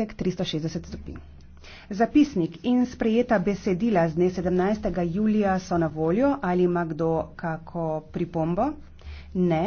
Tek 360 stopinj. Zapisnik in sprejeta besedila z dne 17. julija so na voljo. Ali ima kdo kako pripombo? Ne.